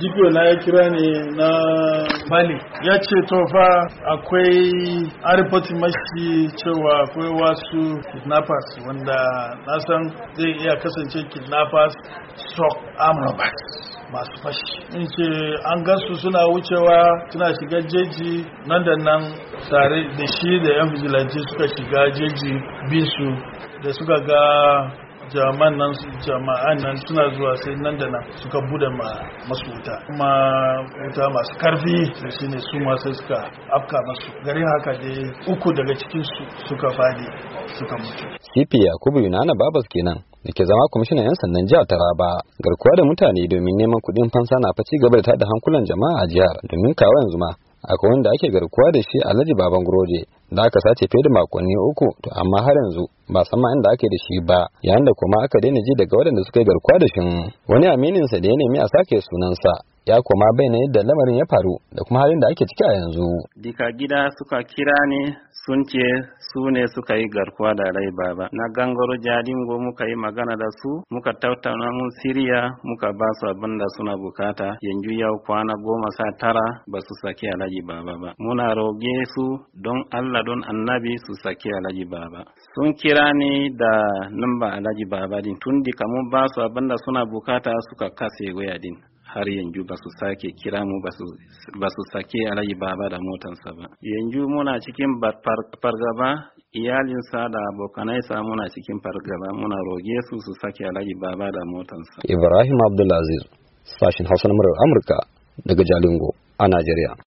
jibiyo na ya kira ne na mali ya ce to fa akwai a ripotin mashi cewa akwai wasu kidnappers wanda na zai iya kasance kidnappers sok amrobats masu fashi in ce an gasu suna wucewa suna shiga jeji nan da nan tare da shi da yan vigilante suka shiga jeji bisu da suka ga jama'an nan suna zuwa sai nan da nan suka bude masu wuta kuma wuta masu karfi shi ne su masu suka afka masu garin haka da uku daga cikin su suka fadi suka mutu CP Yakubu Yunana Babas kenan da ke zama kwamishinan 'yan sandan jihar Taraba garkuwa da mutane domin neman kuɗin fansa na fa ci gaba da tada hankulan jama'a a jihar domin kawo yanzu ma akwai wanda ake garkuwa da shi a alhaji baban guroje da aka sace fiye da makonni uku to amma har yanzu ba sama inda ake da shi ba yayin da kuma aka daina ji daga waɗanda suka yi garkuwa da shi wani aminin sa da ya nemi a sake sunansa ya koma bayyana yadda lamarin ya faru da kuma halin da ake ciki a yanzu dika gida suka kira ne sun ce su ne suka yi garkuwa da rai baba na gangaro jadingo muka yi magana da su muka tattauna mun siriya muka ba su abin da suna bukata yanzu yau kwana goma sa tara ba su saki alaji baba ba muna roge su don allah don annabi su saki alhaji baba sun kira ni da nan ba baba din tun di kamun ba su abin da suna bukata suka kase waya din har yanzu ba su sake kira mu ba su sake alayi baba da motansa ba yanzu muna cikin fargaba iyalinsa da abokanaisa muna cikin fargaba muna roge su su sake alayi baba da motansa ibrahim abdulaziz sashin hausa na murar amurka daga jalingo a najeriya